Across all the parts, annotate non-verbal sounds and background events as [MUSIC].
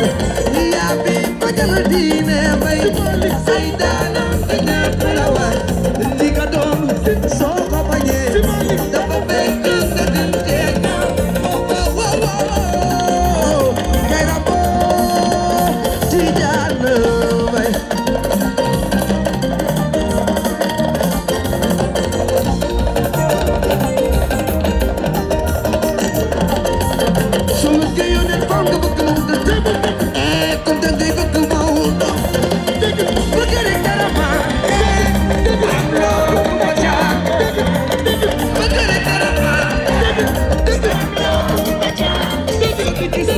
[LAUGHS] yaa bi ma jël diine may wàllu saytaana It is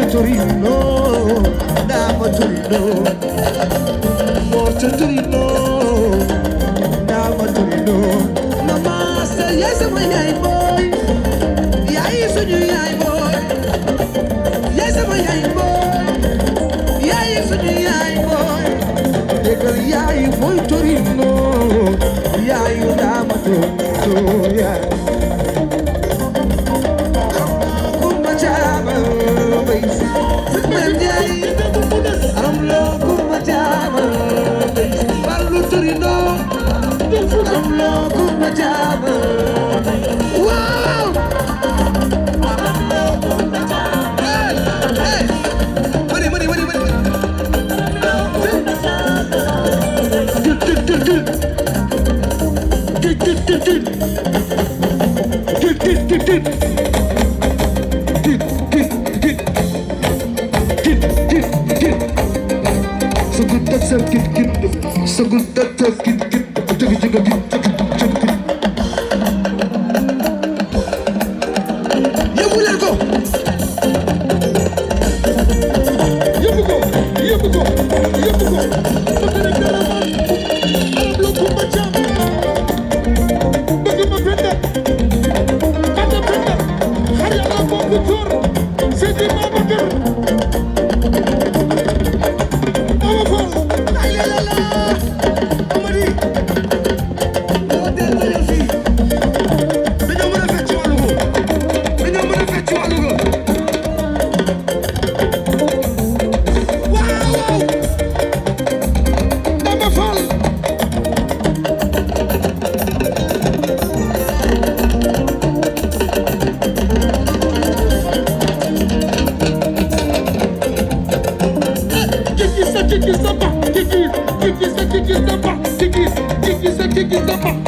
a Torino, Torino, Love, love, love, love, kiki sama kiki kiki sa kiki sama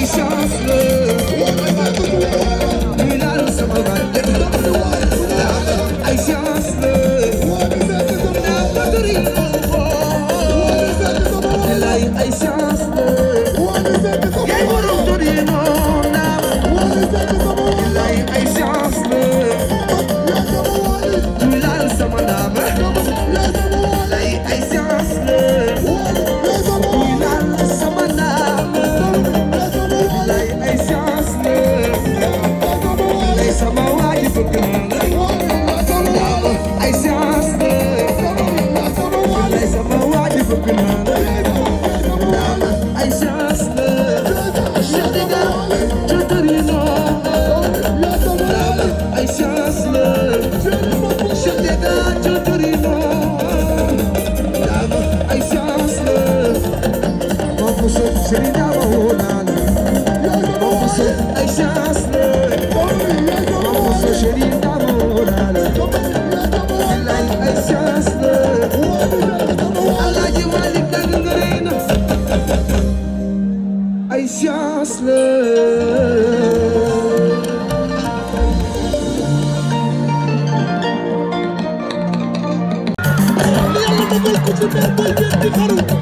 qui chanceux xaru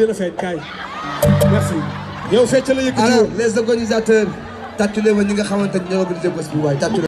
dina feeñ kaay merci. yow fecc la yëkkati alors les organisateurs tàcculee woon ñi nga xamante ne ñoo organisé bés bu waay